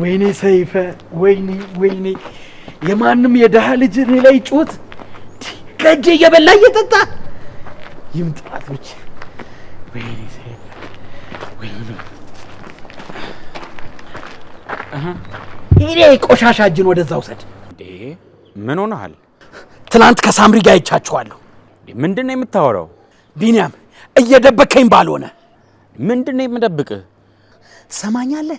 ወይኔ ሰይፈ፣ ወይኔ ወይኔ፣ የማንም የድሃ ልጅ እኔ ላይ ጩኸት ከእጄ እየበላ እየጠጣ ይምጣት ብቻ። ወይኔ ሰይፈ፣ ወይኔ ይሄ ቆሻሻ እጅን ወደዛ ውሰድ። ምን ሆነሃል? ትናንት ከሳምሪ ጋር አይቻችኋለሁ። ምንድን ነው የምታወራው? ቢንያም፣ እየደበከኝ ባልሆነ። ምንድን ነው የምደብቅህ? ትሰማኛለህ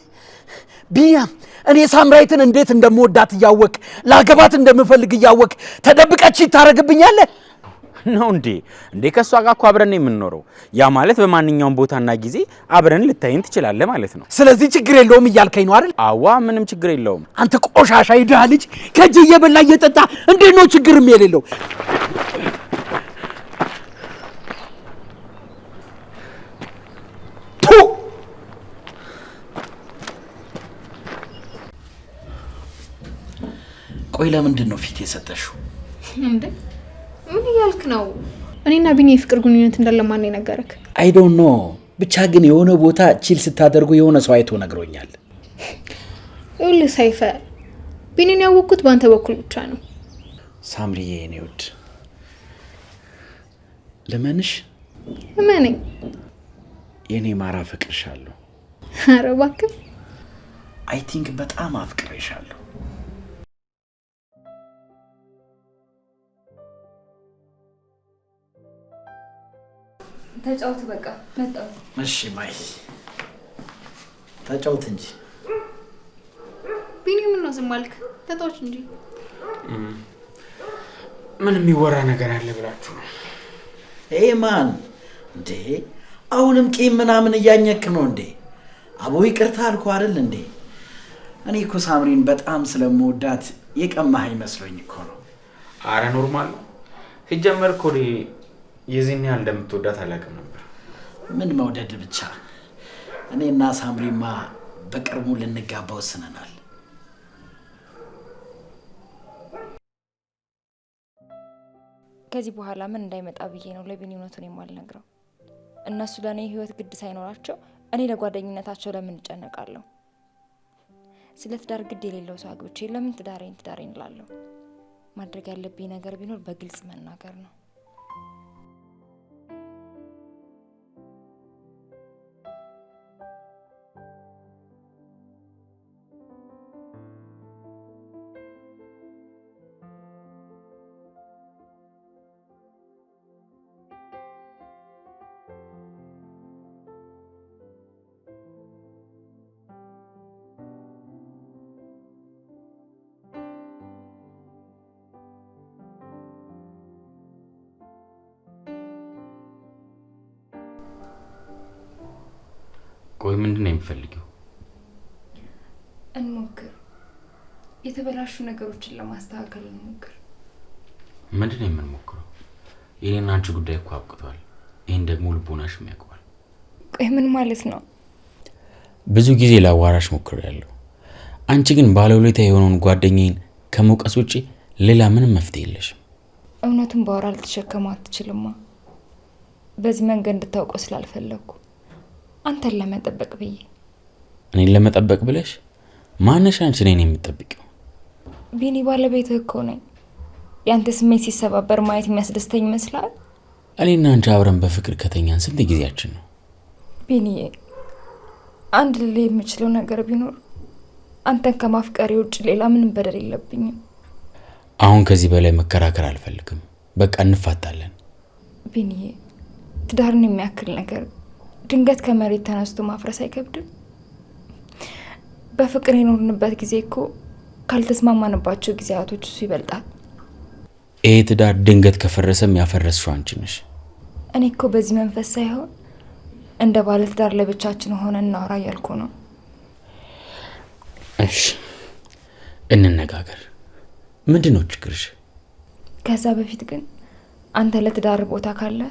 ቢያም እኔ ሳምራይትን እንዴት እንደምወዳት እያወቅ ላገባት እንደምፈልግ እያወቅ ተደብቀች ይታረግብኛለ ነው እንዴ? እንዴ ከእሷ ጋር እኮ አብረን የምንኖረው ያ ማለት በማንኛውም ቦታና ጊዜ አብረን ልታይን ትችላለ ማለት ነው። ስለዚህ ችግር የለውም እያልከኝ ነው አይደል? አዋ ምንም ችግር የለውም። አንተ ቆሻሻ ይድሃ ልጅ ከእጅ እየበላ እየጠጣ እንዴት ነው ችግርም የሌለው ቆይ ለምንድን ነው ፊት የሰጠሽው? እንዴ ምን እያልክ ነው? እኔና ቢኒ የፍቅር ግንኙነት እንዳለ ማን የነገረክ? አይ ዶንት ኖ ብቻ ግን የሆነ ቦታ ቺል ስታደርጉ የሆነ ሰው አይቶ ነግሮኛል። ይኸውልህ ሰይፈ ቢኒን ያወቅኩት በአንተ በኩል ብቻ ነው። ሳምሪዬ የኔ ውድ ልመንሽ? እመነኝ። የኔ ማራ አፈቅርሻለሁ። ኧረ እባክህ። አይ ቲንክ በጣም አፍቅሬሻለሁ። ተጫውት በቃ መጣሁ። እሺ ማይ ተጫውት እንጂ ቢኒ፣ ምን ነው ዝም አልክ? ተጫውት እንጂ ምን የሚወራ ነገር አለ ብላችሁ ነው? ይሄ ማን እንዴ? አሁንም ቂም ምናምን እያኘክ ነው እንዴ? አቦ ይቅርታ አልኩ አይደል እንዴ? እኔ እኮ ሳምሪን በጣም ስለምወዳት የቀማህ ይመስሎኝ እኮ ነው። አረ ኖርማል ነው። ሲጀመር እኮ የዚህን ያህል እንደምትወዳት አላውቅም ነበር። ምን መውደድ ብቻ እኔና ሳምሪማ በቅርቡ ልንጋባ ወስነናል። ከዚህ በኋላ ምን እንዳይመጣ ብዬ ነው ለቢኒ እውነቱን የማልነግረው። እነሱ ለእኔ ህይወት ግድ ሳይኖራቸው እኔ ለጓደኝነታቸው ለምን እጨነቃለሁ? ስለ ትዳር ግድ የሌለው ሰው አግብቼ ለምን ትዳሬን ትዳሬን እላለሁ? ማድረግ ያለብኝ ነገር ቢኖር በግልጽ መናገር ነው። ቆይ ምንድን ነው የሚፈልጊው? እንሞክር። የተበላሹ ነገሮችን ለማስተካከል እንሞክር። ምንድን ነው የምንሞክረው? የኔና አንቺ ጉዳይ እኮ አብቅቷል። ይህን ደግሞ ልቦናሽም ያውቀዋል። ቆይ ምን ማለት ነው? ብዙ ጊዜ ላዋራሽ ሞክሬያለሁ። አንቺ ግን ባለውለታ የሆነውን ጓደኛዬን ከመውቀስ ውጪ ሌላ ምንም መፍትሄ የለሽም። እውነቱን በአውራ ልትሸከመው አትችልማ። በዚህ መንገድ እንድታውቀው ስላልፈለግኩ አንተን ለመጠበቅ ብዬ። እኔን ለመጠበቅ ብለሽ? ማነሽ አንቺ እኔን የምጠብቂው? ቢኒ ባለቤትህ እኮ ነኝ። የአንተ ስሜት ሲሰባበር ማየት የሚያስደስተኝ ይመስላል? እኔና አንቺ አብረን በፍቅር ከተኛን ስንት ጊዜያችን ነው? ቢኒ፣ አንድ ልል የምችለው ነገር ቢኖር አንተን ከማፍቀሬ ውጭ ሌላ ምንም በደል የለብኝም። አሁን ከዚህ በላይ መከራከር አልፈልግም። በቃ እንፋታለን። ቢኒዬ፣ ትዳርን የሚያክል ነገር ድንገት ከመሬት ተነስቶ ማፍረስ አይከብድም? በፍቅር የኖርንበት ጊዜ እኮ ካልተስማማንባቸው ጊዜያቶች እሱ ይበልጣል። ይሄ ትዳር ድንገት ከፈረሰም ያፈረስሽው አንቺ ነሽ። እኔ እኮ በዚህ መንፈስ ሳይሆን እንደ ባለ ትዳር ለብቻችን ሆነ እናውራ እያልኩ ነው። እሺ እንነጋገር። ምንድን ነው ችግርሽ? ከዛ በፊት ግን አንተ ለትዳር ቦታ ካለ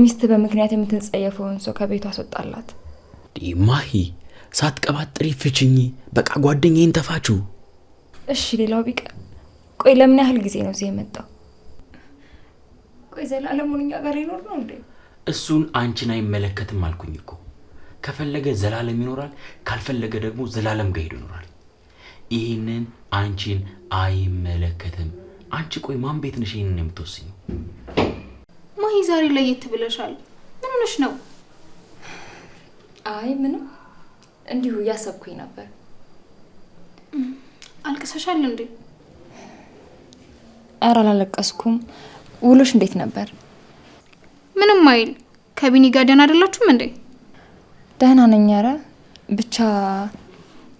ሚስት በምክንያት የምትንጸየፈውን ሰው ከቤቱ አስወጣላት። ማሂ ሳትቀባጥሪ ፍችኝ። በቃ ጓደኛዬን ተፋችሁ። እሺ ሌላው ቢቀር ቆይ ለምን ያህል ጊዜ ነው እዚህ የመጣው? ቆይ ዘላለሙን እኛ ጋር ይኖር ነው እንዴ? እሱን አንቺን አይመለከትም አልኩኝ እኮ። ከፈለገ ዘላለም ይኖራል፣ ካልፈለገ ደግሞ ዘላለም ጋር ሄዶ ይኖራል። ይህንን አንቺን አይመለከትም። አንቺ ቆይ ማን ቤት ነሽ ይህንን የምትወስኝ? ማሂ ዛሬ ለየት ብለሻል። ምን ሆነሽ ነው? አይ ምንም፣ እንዲሁ እያሰብኩኝ ነበር። አልቅሰሻል እንዴ? አረ አላለቀስኩም። ውሎሽ እንዴት ነበር? ምንም አይል። ከቢኒ ጋር ደህና አይደላችሁም እንዴ? ደህና ነኝ። አረ ብቻ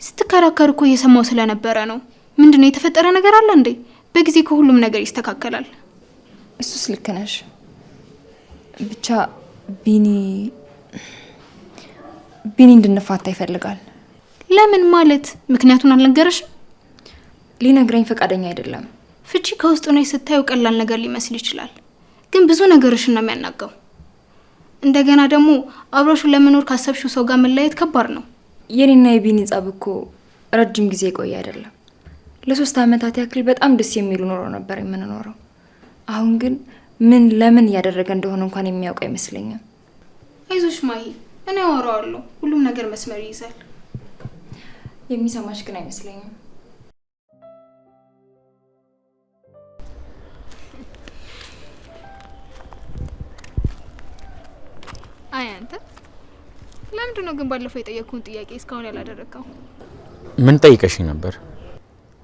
ስትከራከር እኮ እየሰማው ስለነበረ ነው። ምንድነው የተፈጠረ ነገር አለ እንዴ? በጊዜ ከሁሉም ነገር ይስተካከላል። እሱስ ልክ ነሽ። ብቻ ቢኒ ቢኒ እንድንፋታ ይፈልጋል። ለምን ማለት ምክንያቱን አልነገረሽም? ሊነግረኝ ፈቃደኛ አይደለም። ፍቺ ከውስጥ ሆነሽ ስታዩ ቀላል ነገር ሊመስል ይችላል፣ ግን ብዙ ነገሮችን ነው የሚያናጋው። እንደገና ደግሞ አብሮሹ ለመኖር ካሰብሽው ሰው ጋር መለያየት ከባድ ነው። የኔና የቢኒ ጸብ እኮ ረጅም ጊዜ የቆየ አይደለም። ለሶስት ዓመታት ያክል በጣም ደስ የሚሉ ኑሮ ነበር የምንኖረው። አሁን ግን ምን ለምን እያደረገ እንደሆነ እንኳን የሚያውቅ አይመስለኝም። አይዞሽ ማሂ፣ እኔ አወራዋለሁ። ሁሉም ነገር መስመር ይይዛል። የሚሰማሽ ግን አይመስለኝም። አይ አንተ ለምንድን ነው ግን ባለፈው የጠየቅኩን ጥያቄ እስካሁን ያላደረግከው? ምን ጠይቀሽኝ ነበር?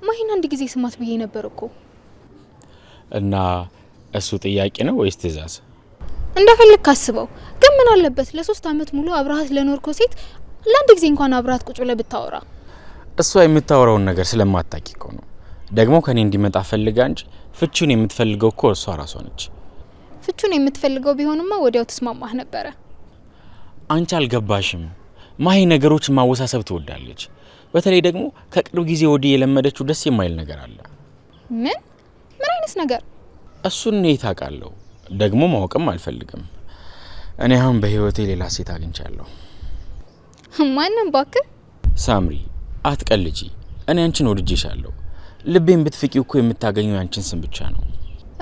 ማሂን አንድ ጊዜ ስማት ብዬ ነበር እኮ እና እሱ ጥያቄ ነው ወይስ ትእዛዝ? እንደፈለግ ካስበው። ግን ምን አለበት ለሶስት አመት ሙሉ አብረሃት ለኖርኮ ሴት ለአንድ ጊዜ እንኳን አብረሃት ቁጭ ብለህ ብታወራ? እሷ የምታወራውን ነገር ስለማታውቂ እኮ ነው። ደግሞ ከኔ እንዲመጣ ፈልጋ እንጂ ፍቹን የምትፈልገው እኮ እሷ ራሷ ነች። ፍቹን የምትፈልገው ቢሆንማ ወዲያው ትስማማህ ነበረ። አንቺ አልገባሽም ማሄ ነገሮች ማወሳሰብ ትወዳለች። በተለይ ደግሞ ከቅርብ ጊዜ ወዲህ የለመደችው ደስ የማይል ነገር አለ። ምን ምን አይነት ነገር? እሱን እኔ ታውቃለሁ፣ ደግሞ ማወቅም አልፈልግም። እኔ አሁን በህይወቴ ሌላ ሴት አግኝቻለሁ። ማንም ባክ ሳምሪ አትቀልጂ። እኔ አንቺን ወድጄሻለሁ። ልቤን ብትፍቂ እኮ የምታገኘው ያንቺን ስም ብቻ ነው።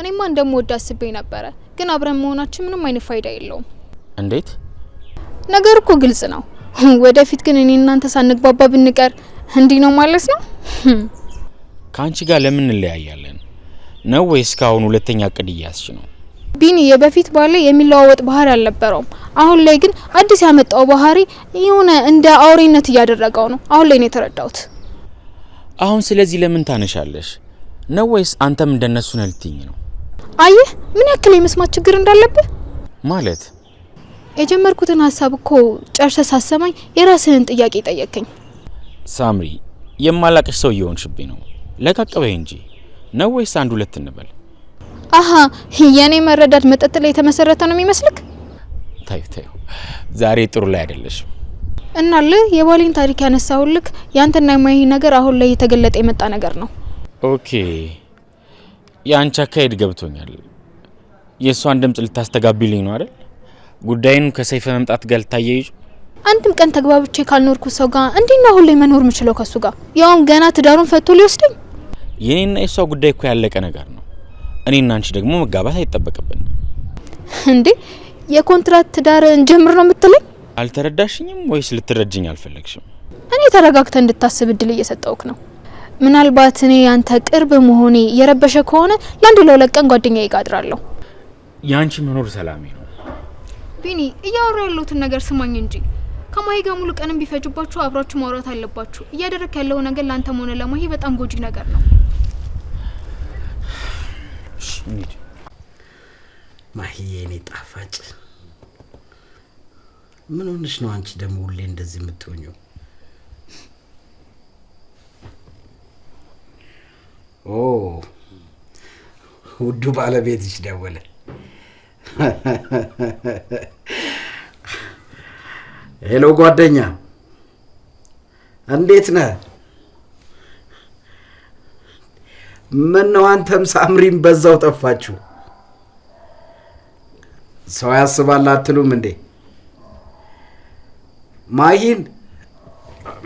እኔማ እንደምወድ አስቤ ነበረ፣ ግን አብረን መሆናችን ምንም አይነት ፋይዳ የለውም። እንዴት? ነገር እኮ ግልጽ ነው። ወደፊት ግን እኔ እናንተ ሳንግባባ ብንቀር እንዲህ ነው ማለት ነው? ከአንቺ ጋር ለምን እንለያያለን? ነው ወይስ ካሁን ሁለተኛ እቅድ እያስች ነው? ቢኒ የበፊት ባለ የሚለዋወጥ ባህሪ አልነበረውም። አሁን ላይ ግን አዲስ ያመጣው ባህሪ የሆነ እንደ አውሬነት እያደረገው ነው። አሁን ላይ ነው የተረዳሁት። አሁን ስለዚህ ለምን ታነሻለሽ ነው ወይስ አንተም እንደነሱ ነህ ልትይኝ ነው? አየህ ምን ያክል የመስማት ችግር እንዳለብህ ማለት የጀመርኩትን ሀሳብ እኮ ጨርሰ ሳሰማኝ የራስህን ጥያቄ ጠየቅኝ። ሳምሪ የማላቅሽ ሰው እየሆንሽብኝ ነው። ለቃቅበይ እንጂ ነው ወይስ አንድ ሁለት እንበል? አሀ የኔ መረዳት መጠጥ ላይ የተመሰረተ ነው የሚመስልክ? ታዩ ታዩ፣ ዛሬ ጥሩ ላይ አይደለሽም። እናልህ የባሌን ታሪክ ያነሳሁልክ ያንተና የማይ ነገር አሁን ላይ የተገለጠ የመጣ ነገር ነው። ኦኬ፣ የአንቺ አካሄድ ገብቶኛል። የእሷን ድምፅ ልታስተጋቢልኝ ነው አይደል? ጉዳይን ከሰይፈ መምጣት ጋር ልታያይዥ አንድም ቀን ተግባብቼ ካልኖርኩ ሰው ጋር እንዴት ነው አሁን ላይ መኖር የምችለው? ከሱ ጋር ያውም ገና ትዳሩን ፈቶ ሊወስደኝ የእኔና የእሷ ጉዳይ እኮ ያለቀ ነገር ነው። እኔና አንቺ ደግሞ መጋባት አይጠበቅብን እንዴ? የኮንትራት ትዳር እንጀምር ነው የምትለኝ? አልተረዳሽኝም ወይስ ልትረጅኝ አልፈለግሽም? እኔ ተረጋግተ እንድታስብ እድል እየሰጠውክ ነው። ምናልባት እኔ ያንተ ቅርብ መሆኔ የረበሸ ከሆነ ለአንድ ለሁለት ቀን ጓደኛ ይጋድራለሁ። የአንቺ መኖር ሰላሜ ነው። ቢኒ እያወሩ ያለሁትን ነገር ስማኝ እንጂ ከማሂ ጋር ሙሉ ቀንም ቢፈጅባችሁ አብራችሁ ማውራት አለባችሁ። እያደረክ ያለው ነገር ለአንተም ሆነ ለማሂ በጣም ጎጂ ነገር ነው። ማሂ የኔ ጣፋጭ፣ ምን ሆነሽ ነው አንቺ ደግሞ ሁሌ እንደዚህ የምትሆኘው? ኦ ውዱ ባለቤትሽ ደወለ። ሄሎ ጓደኛ፣ እንዴት ነህ? ነው አንተም ሳምሪም በዛው ጠፋችሁ? ሰው ያስባል አትሉም እንዴ? ማሂን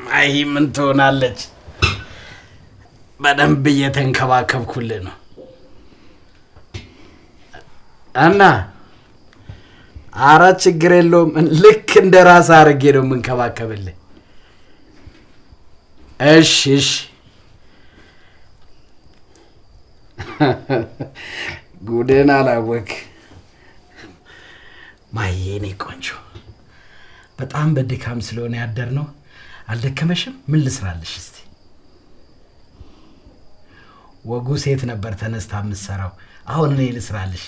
ማሂ ምን ትሆናለች? በደንብ እየተንከባከብኩልህ ነው እና አረ ችግር የለውም ልክ እንደ ራስ አድርጌ ነው የምንከባከብልህ። እሽ ሽ ጉድን አላወቅ ማየኔ ቆንጆ፣ በጣም በድካም ስለሆነ ያደር ነው። አልደከመሽም? ምን ልስራልሽ እስቲ? ወጉ ሴት ነበር ተነስታ የምትሰራው። አሁን እኔ ልስራልሽ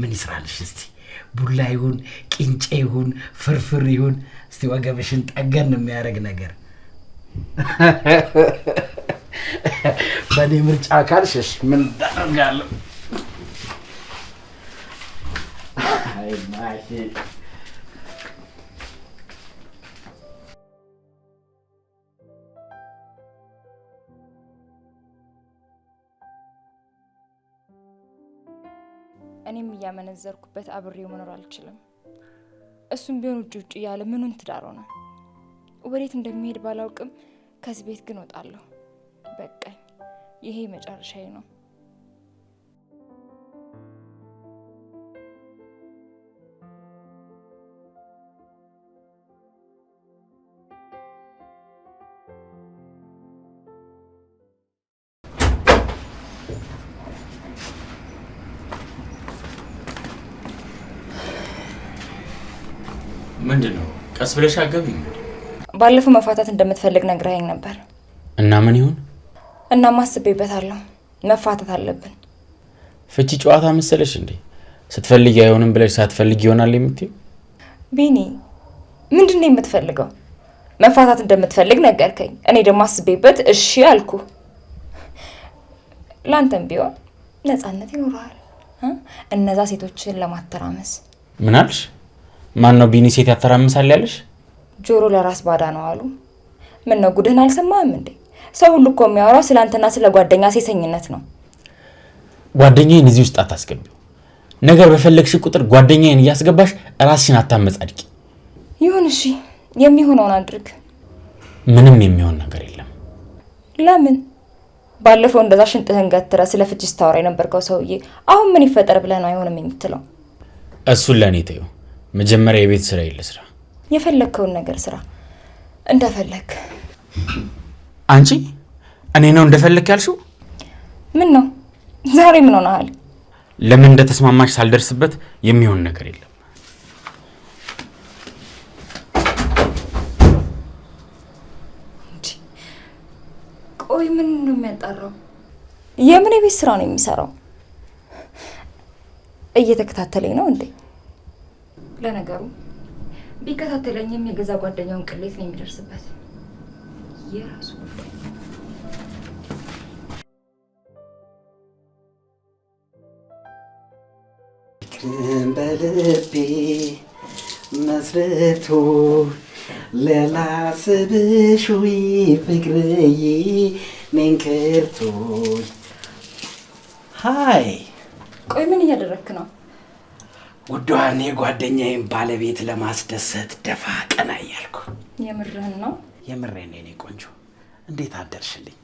ምን ይስራልሽ? እስቲ ቡላ ይሁን ቅንጬ ይሁን ፍርፍር ይሁን እስቲ ወገብሽን ጠገን የሚያደርግ ነገር በእኔ ምርጫ ካልሽሽ ምን ታደርጋለሁ? እኔም እያመነዘርኩበት አብሬው መኖር አልችልም። እሱም ቢሆን ውጭ ውጭ እያለ ምኑን ትዳር ሆነ። ወዴት እንደሚሄድ ባላውቅም ከዚህ ቤት ግን ወጣለሁ። በቃኝ። ይሄ መጨረሻዬ ነው። ምንድን ነው? ቀስ ብለሽ አገቢ። ባለፈው መፋታት እንደምትፈልግ ነግራኸኝ ነበር እና ምን ይሁን? እናማ አስቤበታለሁ። መፋታት አለብን። ፍቺ ጨዋታ መሰለሽ እንዴ? ስትፈልጊ አይሆንም ብለሽ ሳትፈልጊ ይሆናል የምትይው? ቢኒ ምንድን ነው የምትፈልገው? መፋታት እንደምትፈልግ ነገርከኝ። እኔ ደግሞ አስቤበት እሺ አልኩ። ለአንተም ቢሆን ነፃነት ይኖረዋል። እነዛ ሴቶችን ለማተራመስ ምን አልሽ? ማን ነው ቢኒ ሴት ያተራምሳል ያለሽ? ጆሮ ለራስ ባዳ ነው አሉ። ምን ነው ጉድህን አልሰማህም እንዴ? ሰው ሁሉ እኮ የሚያወራው ስለ አንተና ስለ ጓደኛ ሴሰኝነት ነው። ጓደኛዬን እዚህ ውስጥ አታስገቢው። ነገር በፈለግሽ ቁጥር ጓደኛዬን እያስገባሽ ራስሽን አታመጻድቂ። ይሁን እሺ፣ የሚሆነውን አድርግ። ምንም የሚሆን ነገር የለም። ለምን? ባለፈው እንደዛ ሽንጥህን ገትረ ስለ ፍቺ ስታወራ የነበርከው ሰውዬ አሁን ምን ይፈጠር ብለህ ነው አይሆንም የምትለው? እሱን ለእኔ ተይው መጀመሪያ የቤት ስራ የለ ስራ የፈለግከውን ነገር ስራ እንደፈለግ። አንቺ እኔ ነው እንደፈለግ ያልሽው? ምን ነው ዛሬ ምን ሆነሃል? ለምን እንደተስማማሽ ሳልደርስበት የሚሆን ነገር የለም። ቆይ ምን ነው የሚያጣራው? የምን የቤት ስራ ነው የሚሰራው? እየተከታተለኝ ነው እንዴ? ለነገሩ ቢከታተለኝም የገዛ ጓደኛውን ቅሌት ነው የሚደርስበት። የራሱ በልቤ መስርቶ ሌላ ስብሹይ ፍቅርዬ መንክርቶይ ሀይ ቆይ ምን እያደረክ ነው? ውዷን የጓደኛዬን ባለቤት ለማስደሰት ደፋ ቀና እያልኩ። የምርህን ነው? የምሬን። የኔ ቆንጆ እንዴት አደርሽልኝ?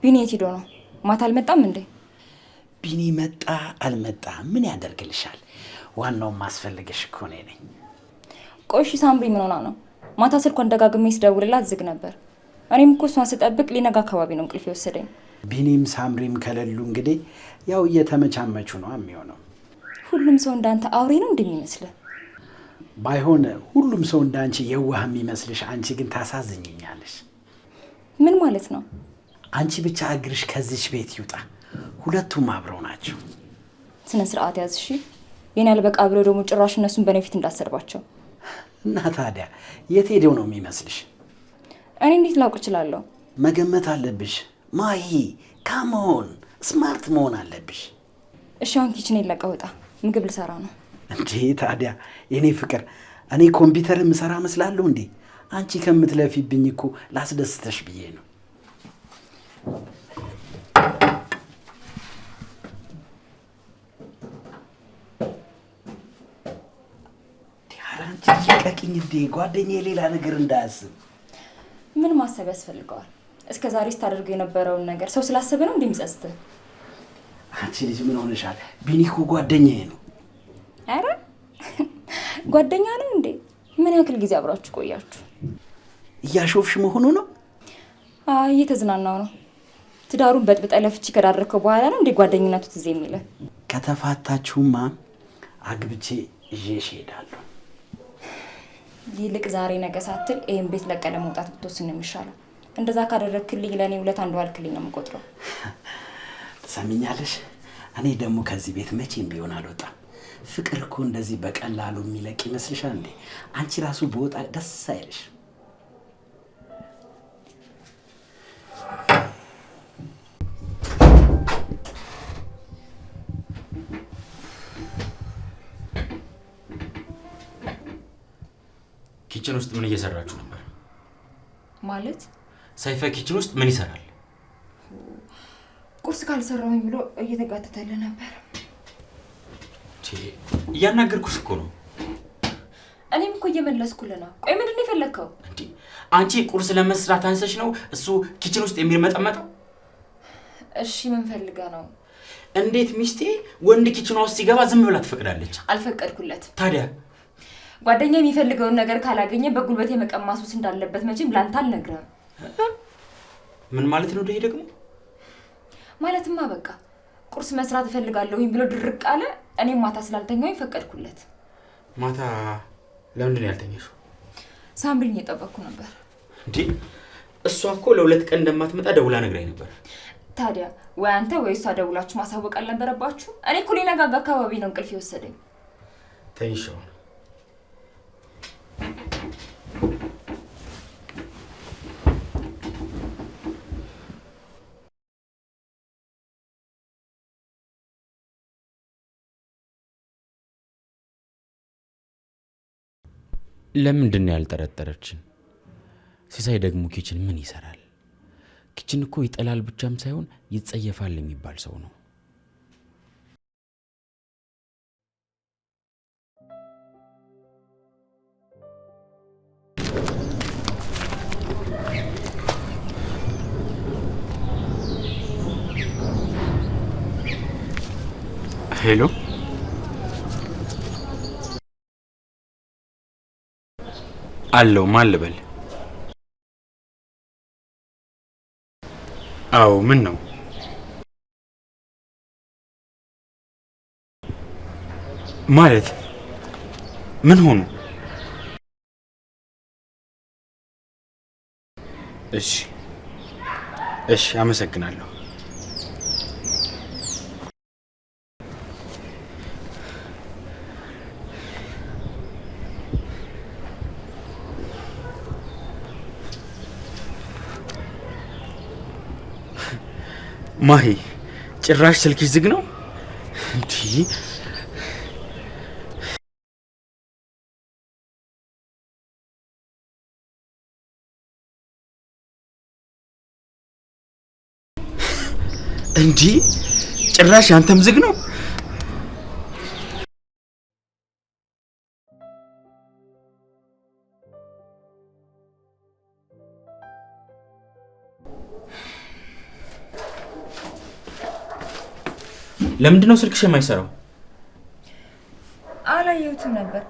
ቢኒ የት ሄዶ ነው? ማታ አልመጣም እንዴ? ቢኒ መጣ አልመጣ ምን ያደርግልሻል? ዋናው ማስፈልገሽ እኮ እኔ ነኝ። ቆሽ ሳምሪ ምን ሆና ነው? ማታ ስልኳን ደጋግሜ ስደውልላት ዝግ ነበር። እኔም እኮ እሷን ስጠብቅ ሊነጋ አካባቢ ነው እንቅልፍ የወሰደኝ። ቢኒም ሳምሪም ከሌሉ እንግዲህ ያው እየተመቻመቹ ነው የሚሆነው ሁሉም ሰው እንዳንተ አውሬ ነው እንደሚመስልህ? ባይሆን ሁሉም ሰው እንዳንቺ የዋህ የሚመስልሽ፣ አንቺ ግን ታሳዝኝኛለሽ። ምን ማለት ነው? አንቺ ብቻ እግርሽ ከዚች ቤት ይውጣ። ሁለቱም አብረው ናቸው። ስነ ስርዓት ያዝ እሺ። የኔ አልበቃ ብሎ ደግሞ ጭራሽ እነሱን በእኔ ፊት እንዳሰርባቸው እና ታዲያ የት ሄደው ነው የሚመስልሽ? እኔ እንዴት ላውቅ እችላለሁ? መገመት አለብሽ ማሂ። ካመሆን ስማርት መሆን አለብሽ። እሺ አሁን ኪችን ለቀ ምግብ ልሰራ ነው እንዴ? ታዲያ የኔ ፍቅር እኔ ኮምፒውተር የምሰራ መስላለሁ እንዴ? አንቺ ከምትለፊብኝ እኮ ላስደስተሽ ብዬ ነው። አንቺ እንዴ! ጓደኛ የሌላ ነገር እንዳያስብ። ምን ማሰብ ያስፈልገዋል? እስከ ዛሬ ስታደርገው የነበረውን ነገር ሰው ስላሰበ ነው እንዲህ አንቺ ልጅ ምን ሆነሻል? ቢኒ እኮ ጓደኛዬ ነው። አረ ጓደኛ ነው እንዴ? ምን ያክል ጊዜ አብራችሁ ቆያችሁ? እያሾፍሽ መሆኑ ነው? አይ እየተዝናናው ነው። ትዳሩን በጥብጠ ለፍቺ ከዳረከው በኋላ ነው እንዴ ጓደኝነቱ ትዝ የሚለ? ከተፋታችሁማ አግብቼ ይዤሽ እሄዳለሁ። ይልቅ ዛሬ ነገ ሳትል ይህን ቤት ለቀለ መውጣት ብትወስን የሚሻለው። እንደዛ ካደረግክልኝ ለእኔ ሁለት አንድ ዋልክልኝ ነው የምቆጥረው። ሰሚኛለሽ፣ እኔ ደግሞ ከዚህ ቤት መቼም ቢሆን አልወጣም። ፍቅር እኮ እንደዚህ በቀላሉ የሚለቅ ይመስልሻል እንዴ? አንቺ ራሱ በወጣ ደስ አይልሽ? ኪችን ውስጥ ምን እየሰራችሁ ነበር? ማለት ሳይፈ ኪችን ውስጥ ምን ይሰራል? ቁርስ ካልሰራሁኝ ብሎ እየተጋተተለ ነበር። እያናገርኩሽ እኮ ነው። እኔም እኮ እየመለስኩልህ ነው። ቆይ ምንድን ነው የፈለግከው? አንቺ ቁርስ ለመስራት አንሰሽ ነው እሱ ኪችን ውስጥ የሚመጠመጠው? እሺ ምን ነው? እንዴት ሚስቴ ወንድ ኪችኗ ውስጥ ሲገባ ዝም ብላ ትፈቅዳለች? አልፈቀድኩለት። ታዲያ ጓደኛ የሚፈልገውን ነገር ካላገኘ በጉልበት የመቀማሱስ እንዳለበት መቼም ላንተ አልነግረም። ምን ማለት ነው ይሄ ደግሞ? ማለትማ በቃ ቁርስ መስራት እፈልጋለሁኝ ብሎ ድርቅ አለ። እኔም ማታ ስላልተኛሁኝ ፈቀድኩለት። ማታ ለምንድን ነው ያልተኛሽው? ሳምሪን እየጠበቅኩ ነበር። እንዴ እሷ እኮ ለሁለት ቀን እንደማትመጣ ደውላ ነግራኝ ነበር። ታዲያ ወይ አንተ ወይ እሷ ደውላችሁ ማሳወቅ አልነበረባችሁ? እኔ እኮ ሊነጋጋ አካባቢ ነው እንቅልፍ የወሰደኝ። you. ለምንድን ነው ያልጠረጠረችን? ሲሳይ ደግሞ ኪችን ምን ይሰራል? ኪችን እኮ ይጠላል ብቻም ሳይሆን ይጸየፋል የሚባል ሰው ነው። ሄሎ አለው ማልበል ልበል? አዎ ምን ነው? ማለት ምን ሆኑ? እሺ እሺ፣ አመሰግናለሁ። ማሂ ጭራሽ ስልክሽ ዝግ ነው እንዲህ እንዲህ ጭራሽ አንተም ዝግ ነው ለምንድን ነው ስልክሽ የማይሰራው? አላየሁትም ነበር።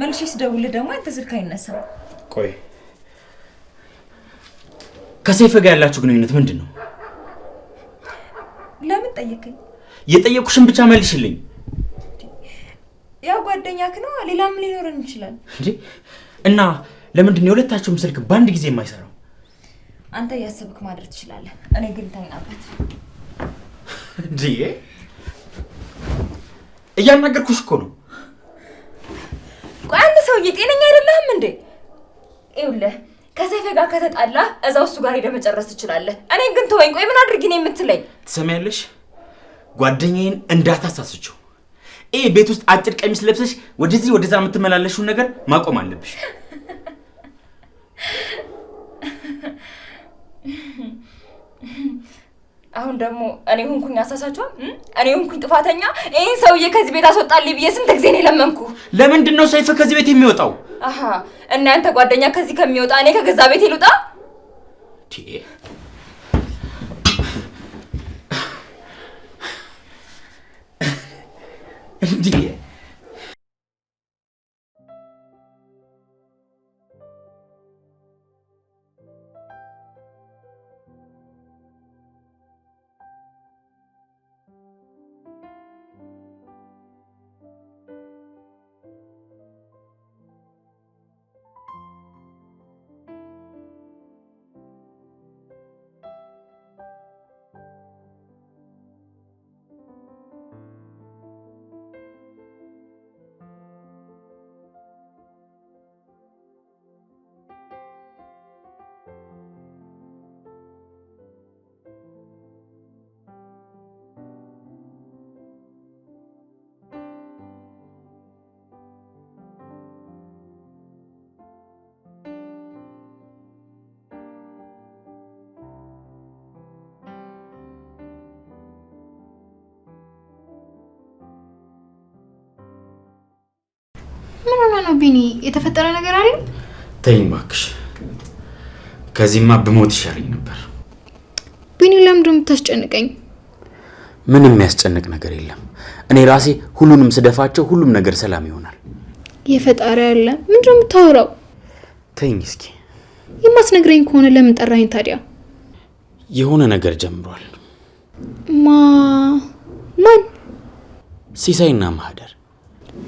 መልሼ ደውል ደግሞ አንተ ስልክ አይነሳም። ቆይ ከሰይፈ ጋር ያላችሁ ግንኙነት ምንድን ነው? ለምን ጠየቅኝ? የጠየቅኩሽን ብቻ መልሽልኝ። ያው ጓደኛክ ነው፣ ምን ሊኖረን ይችላል። እንዴ እና ለምንድን ነው የሁለታችሁም ስልክ በአንድ ጊዜ የማይሰራው? አንተ እያሰብክ ማድረግ ትችላለህ። እኔ ግን ተኛበት። እያናገርኩሽ እኮ ነው። ቆይ አንድ ሰውዬ ጤነኛ አይደለህም እንዴ? ይኸውልህ ከሰይፌ ጋር ከተጣላ እዛው እሱ ጋር ሄደህ መጨረስ ትችላለህ። እኔ ግን ተወኝ። ቆይ ምን አድርጊ ነው የምትለኝ? ትሰሚያለሽ? ጓደኛዬን እንዳታሳስችው። ይህ ቤት ውስጥ አጭር ቀሚስ ለብሰሽ ወደዚህ ወደዛ የምትመላለሹን ነገር ማቆም አለብሽ። አሁን ደግሞ እኔ ሆንኩኝ አሳሳቸዋል። እኔ ሆንኩኝ ጥፋተኛ። ይህን ሰውዬ ከዚህ ቤት አስወጣልኝ ብዬ ስንት ጊዜ ነው ለመንኩ ለምንድን ነው ሰይፈ ከዚህ ቤት የሚወጣው? አሀ እና ያንተ ጓደኛ ከዚህ ከሚወጣ እኔ ከገዛ ቤት ይልውጣ። እንዲህ ሆነ ነው ቢኒ? የተፈጠረ ነገር አለ? ተይኝ እባክሽ። ከዚህማ ብሞት ይሻለኝ ነበር። ቢኒ፣ ለምንድን ነው የምታስጨንቀኝ? ምንም የሚያስጨንቅ ነገር የለም። እኔ ራሴ ሁሉንም ስደፋቸው ሁሉም ነገር ሰላም ይሆናል። የፈጣሪ አለ ምንድን ነው የምታወራው? ተይኝ እስኪ። የማትነግረኝ ከሆነ ለምን ጠራኝ ታዲያ? የሆነ ነገር ጀምሯል። ማ ማን? ሲሳይና ማህደር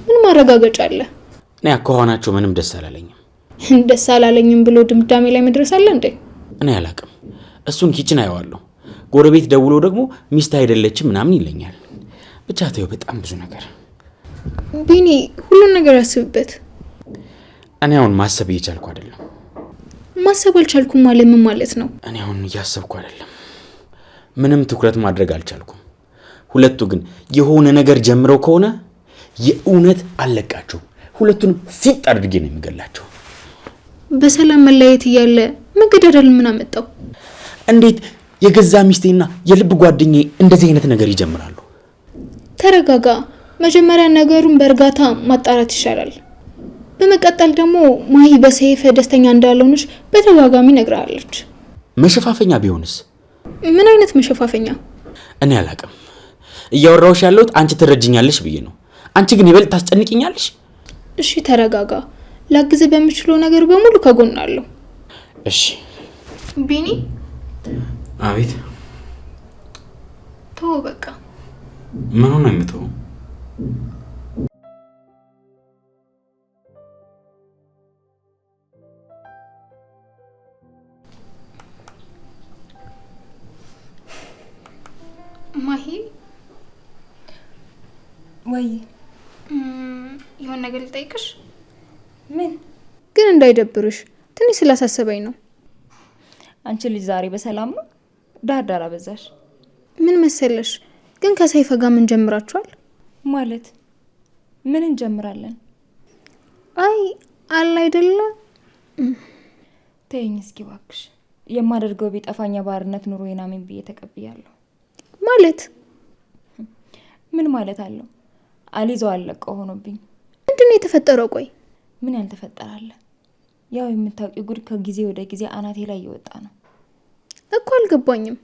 ምን ማረጋገጫ አለ? እኔ አኳኋናቸው ምንም ደስ አላለኝም። ደስ አላለኝም ብሎ ድምዳሜ ላይ መድረስ አለ እንዴ? እኔ አላቅም። እሱን ኪችን አየዋለሁ። ጎረቤት ደውሎ ደግሞ ሚስት አይደለችም ምናምን ይለኛል። ብቻ ተይው፣ በጣም ብዙ ነገር ቢኒ። ሁሉን ነገር ያስብበት። እኔ አሁን ማሰብ እየቻልኩ አይደለም። ማሰብ አልቻልኩም ማለት ምን ማለት ነው? እኔ አሁን እያሰብኩ አይደለም። ምንም ትኩረት ማድረግ አልቻልኩም። ሁለቱ ግን የሆነ ነገር ጀምረው ከሆነ የእውነት አለቃቸው ሁለቱንም ሲጥ አድርጌ ነው የሚገላቸው። በሰላም መለያየት እያለ መገዳደል ምን አመጣው? እንዴት የገዛ ሚስቴና የልብ ጓደኛዬ እንደዚህ አይነት ነገር ይጀምራሉ? ተረጋጋ። መጀመሪያ ነገሩን በእርጋታ ማጣራት ይሻላል። በመቀጠል ደግሞ ማሂ በሰይፈ ደስተኛ እንዳልሆነች በተደጋጋሚ ነግራለች። መሸፋፈኛ ቢሆንስ? ምን አይነት መሸፋፈኛ? እኔ አላቅም። እያወራሁሽ ያለሁት አንቺ ትረጅኛለሽ ብዬ ነው። አንቺ ግን ይበልጥ ታስጨንቅኛለሽ። እሺ ተረጋጋ። ላግዝ በምችለው ነገር በሙሉ ከጎን አለሁ። እሺ ቢኒ። አቤት። ተው በቃ። ምኑ ነው የምተው? ማሂ ወይ የሆነ ነገር ልጠይቅሽ። ምን ግን እንዳይደብርሽ ትንሽ ስላሳሰበኝ ነው። አንቺ ልጅ ዛሬ በሰላም ነው? ዳርዳር አበዛሽ። ምን መሰለሽ ግን ከሰይፈ ጋር ምን ጀምራችኋል? ማለት ምን እንጀምራለን? አይ አለ አይደለ። ተይኝ እስኪ እባክሽ። የማደርገው ቢጠፋኝ ባህርነት ኑሮ ናምን ብዬ ተቀብያለሁ። ማለት ምን ማለት አለው? አሊዞ አለቀ ሆኖብኝ። ምንድን ነው የተፈጠረው? ቆይ ምን ያልተፈጠራለ? ያው የምታውቂው ጉድ ከጊዜ ወደ ጊዜ አናቴ ላይ እየወጣ ነው እኮ። አልገባኝም።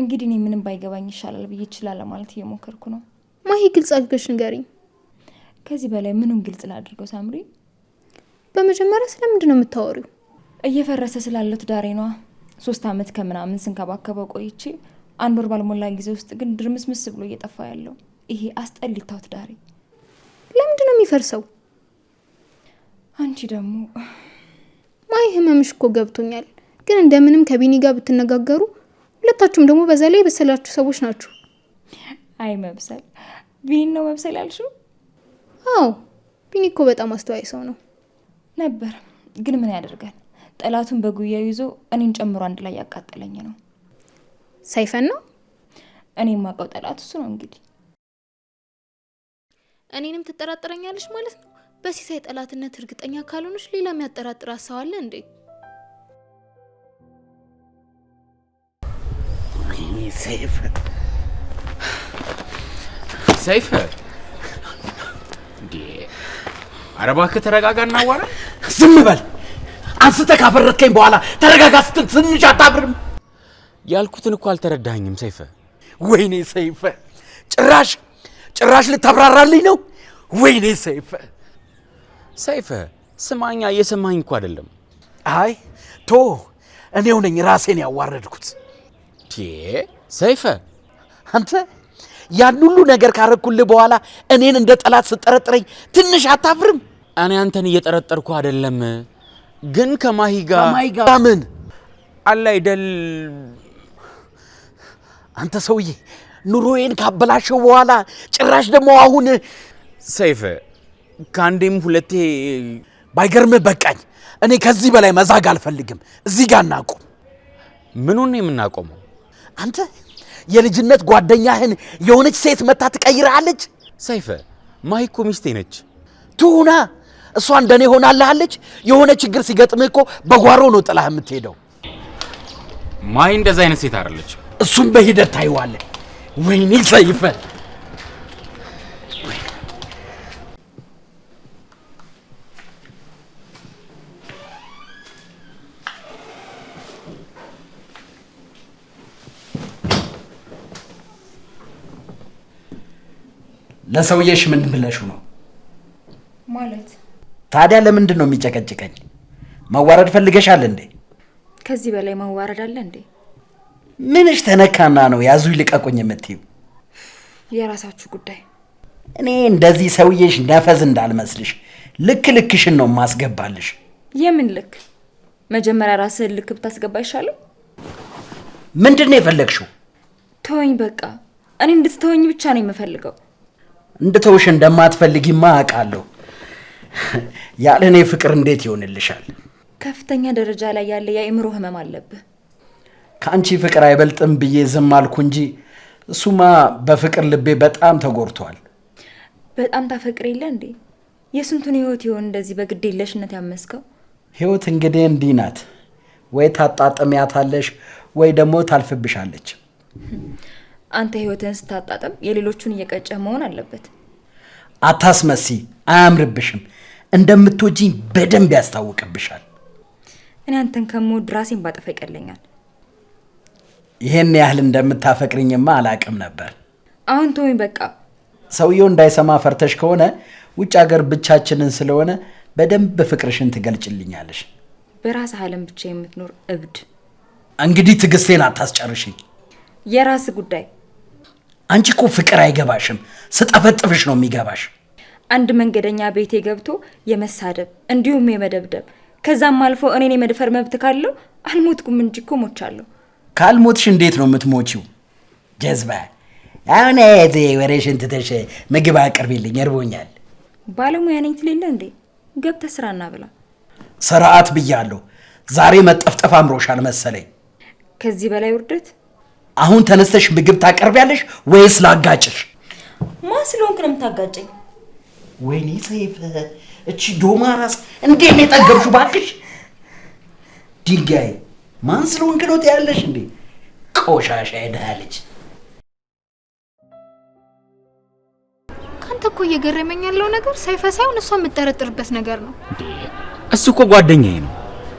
እንግዲህ እኔ ምንም ባይገባኝ ይሻላል ብዬ ይችላለ ማለት እየሞከርኩ ነው። ማሂ ግልጽ አድርገሽ ንገሪኝ። ከዚህ በላይ ምኑን ግልጽ ላድርገው? ሳምሪ፣ በመጀመሪያ ስለምንድን ነው የምታወሪው? እየፈረሰ ስላለው ትዳሬ ነዋ። ሶስት አመት ከምናምን ስንከባከበው ቆይቼ አንድ ወር ባልሞላ ጊዜ ውስጥ ግን ድርምስምስ ብሎ እየጠፋ ያለው ይሄ አስጠሊታው ትዳሬ ለምንድን ነው የሚፈርሰው? አንቺ ደግሞ ማይ ህመምሽ እኮ ገብቶኛል፣ ግን እንደምንም ከቢኒ ጋር ብትነጋገሩ ሁለታችሁም ደግሞ በዛ ላይ የበሰላችሁ ሰዎች ናችሁ። አይ መብሰል ቢኒ ነው መብሰል ያልሽው? አዎ ቢኒ እኮ በጣም አስተዋይ ሰው ነው ነበር፣ ግን ምን ያደርጋል ጠላቱን በጉያው ይዞ እኔን ጨምሮ አንድ ላይ ያቃጠለኝ ነው። ሳይፈን ነው እኔ የማውቀው ጠላት እሱ ነው እንግዲህ እኔንም ትጠራጠረኛለች ማለት ነው። በሲሳይ ጠላትነት እርግጠኛ ካልሆነች ሌላ የሚያጠራጥር ሰው አለ እንዴ? ሰይፈ እንዴ! ኧረ እባክህ ተረጋጋ፣ እናዋራ። ዝም በል አንስተህ ካፈረትከኝ በኋላ ተረጋጋ ስትል ትንሽ አታብርም? ያልኩትን እኮ አልተረዳኸኝም ሰይፈ። ወይኔ ሰይፈ ጭራሽ ጭራሽ ልታብራራልኝ ነው? ወይኔ ሰይፈ ሰይፈ፣ ስማኛ፣ እየሰማኝ እኮ አይደለም። አይ ቶ እኔው ነኝ ራሴን ያዋረድኩት። ሰይፈ፣ አንተ ያን ሁሉ ነገር ካረግኩልህ በኋላ እኔን እንደ ጠላት ስጠረጥረኝ ትንሽ አታፍርም? እኔ አንተን እየጠረጠርኩ አይደለም፣ ግን ከማሂ ጋር ጋር ምን አለ አይደል? አንተ ሰውዬ ኑሮዬን ካበላሸው በኋላ ጭራሽ ደግሞ አሁን ሰይፈ ከአንዴም ሁለቴ ባይገርም በቃኝ። እኔ ከዚህ በላይ መዛግ አልፈልግም። እዚህ ጋር እናቆም። ምኑን የምናቆመው? አንተ የልጅነት ጓደኛህን የሆነች ሴት መታ ትቀይርሃለች። ሰይፈ ማሂ እኮ ሚስቴ ነች። ትሁና እሷ እንደኔ ሆናልሃለች። የሆነ ችግር ሲገጥምህ እኮ በጓሮ ነው ጥላህ የምትሄደው። ማይ እንደዚ አይነት ሴት አይደለች። እሱም በሂደት ታይዋለህ። ወይኔ ሰይፈን ለሰውዬሽ ምን ብለሹ ነው ማለት? ታዲያ ለምንድን ነው የሚጨቀጭቀኝ? መዋረድ ፈልገሻል እንዴ? ከዚህ በላይ መዋረድ አለ እንዴ? ምንሽ ተነካና ነው ያዙ ይልቀቁኝ የምትዩ? የራሳችሁ ጉዳይ። እኔ እንደዚህ ሰውዬሽ ነፈዝ እንዳልመስልሽ ልክ ልክሽን ነው ማስገባልሽ። የምን ልክ? መጀመሪያ ራስህን ልክ ብታስገባ ይሻለው። ምንድን ነው የፈለግሽው? ተወኝ በቃ። እኔ እንድትተወኝ ብቻ ነው የምፈልገው። እንድተውሽ እንደማትፈልጊማ አውቃለሁ። ያለ እኔ ፍቅር እንዴት ይሆንልሻል? ከፍተኛ ደረጃ ላይ ያለ የአእምሮ ህመም አለብህ። ከአንቺ ፍቅር አይበልጥም ብዬ ዝም አልኩ እንጂ እሱማ በፍቅር ልቤ በጣም ተጎድቷል። በጣም ታፈቅር የለ እንዴ? የስንቱን ህይወት ይሆን እንደዚህ በግድ የለሽነት ያመስከው? ህይወት እንግዲህ እንዲህ ናት። ወይ ታጣጥሚያታለሽ ወይ ደግሞ ታልፍብሻለች። አንተ ህይወትን ስታጣጥም የሌሎቹን እየቀጨ መሆን አለበት። አታስመሲ፣ አያምርብሽም። እንደምትወጂኝ በደንብ ያስታውቅብሻል። እኔ አንተን ከምወድ ራሴን ባጠፋ ይቀለኛል። ይሄን ያህል እንደምታፈቅርኝማ አላቅም ነበር። አሁን ተወኝ በቃ። ሰውየው እንዳይሰማ ፈርተሽ ከሆነ ውጭ ሀገር ብቻችንን ስለሆነ በደንብ ፍቅርሽን ትገልጭልኛለሽ። በራስ ዓለም ብቻ የምትኖር እብድ። እንግዲህ ትዕግስቴን አታስጨርሽኝ። የራስ ጉዳይ። አንቺ እኮ ፍቅር አይገባሽም፣ ስጠፈጥፍሽ ነው የሚገባሽ። አንድ መንገደኛ ቤቴ ገብቶ የመሳደብ እንዲሁም የመደብደብ ከዛም አልፎ እኔን የመድፈር መብት ካለው አልሞትኩም እንጂ እኮ ሞቻለሁ። ካልሞትሽ እንዴት ነው የምትሞችው? ጀዝባ አሁን እህቴ ወሬሽን ትተሽ ምግብ አቅርቢልኝ እርቦኛል። ባለሙያ ነኝ ትልለ እንዴ? ገብተ ስራ እና ብላ። ስርዓት ብያለሁ። ዛሬ መጠፍጠፍ አምሮሻል መሰለኝ። ከዚህ በላይ ውርደት። አሁን ተነስተሽ ምግብ ታቀርቢያለሽ ወይስ ላጋጭሽ? ማን ስለሆንክ ነው የምታጋጨኝ? ወይኔ ሰይፈ፣ እቺ ዶማ ራስ እንዴት ነው የጠገብሹ ባክሽ ድንጋይ ማን ስለሆንክ ነው ትያለሽ እንዴ? ቆሻሻ የድሃ ልጅ። እኮ እየገረመኝ ያለው ነገር ሰይፈ ሳይሆን እሷ የምጠረጥርበት ነገር ነው። እሱ እኮ ጓደኛዬ ነው።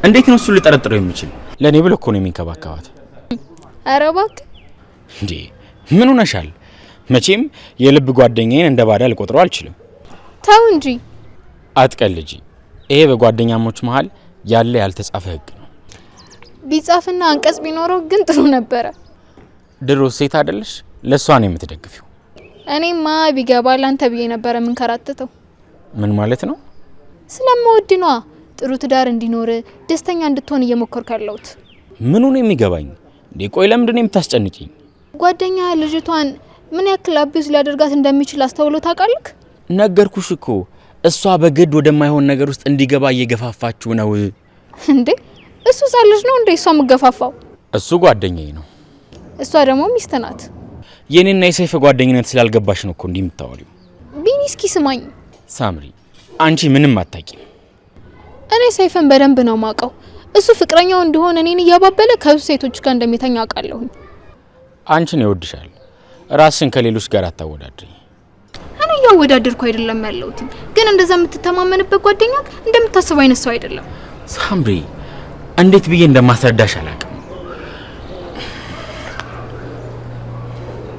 እንዴት ነው እሱን ልጠረጥረው የሚችል? ለእኔ ብሎ እኮ ነው የሚንከባከባት። ኧረ እባክህ እንዴ! ምን ሆነሻል? መቼም የልብ ጓደኛዬን እንደ ባዳ ልቆጥረው አልችልም። ተው እንጂ አትቀልጂ። ይሄ በጓደኛሞች መሀል ያለ ያልተጻፈ ህግ ነው። ቢጻፍና አንቀጽ ቢኖረው ግን ጥሩ ነበረ። ድሮ ሴት አይደለሽ ለእሷ ነው የምትደግፊው። እኔማ ቢገባ ላንተ ብዬ ነበረ የምንከራትተው ምን ማለት ነው? ስለምወድ ነዋ። ጥሩ ትዳር እንዲኖር ደስተኛ እንድትሆን እየሞከርኩ ያለሁት። ምኑ ነው የሚገባኝ እንዴ? ቆይ ለምንድን ነው የምታስጨንቂኝ? ጓደኛ ልጅቷን ምን ያክል አቢውስ ሊያደርጋት እንደሚችል አስተውሎ ታውቃልክ? ነገርኩሽ እኮ እሷ በግድ ወደማይሆን ነገር ውስጥ እንዲገባ እየገፋፋችሁ ነው እንዴ? እሱ ህጻን ልጅ ነው እንዴ እሷ የምገፋፋው። እሱ ጓደኛዬ ነው፣ እሷ ደግሞ ሚስት ናት። የእኔና የሰይፈ ጓደኝነት ስላልገባሽ ነው እኮ እንዲህ የምታወሪው። ቢኒ እስኪ ስማኝ ሳምሪ፣ አንቺ ምንም አታቂም። እኔ ሰይፈን በደንብ ነው ማቀው። እሱ ፍቅረኛው እንደሆነ እኔን እያባበለ ከብዙ ሴቶች ጋር እንደሚተኛ አውቃለሁኝ። አንቺን ይወድሻል። ራስን ከሌሎች ጋር አታወዳድሪ። እኔ እያወዳደርኩ አይደለም ያለሁት፣ ግን እንደዛ የምትተማመንበት ጓደኛ እንደምታስብ አይነት ሰው አይደለም ሳምሪ። እንዴት ብዬ እንደማስረዳሽ አላውቅም።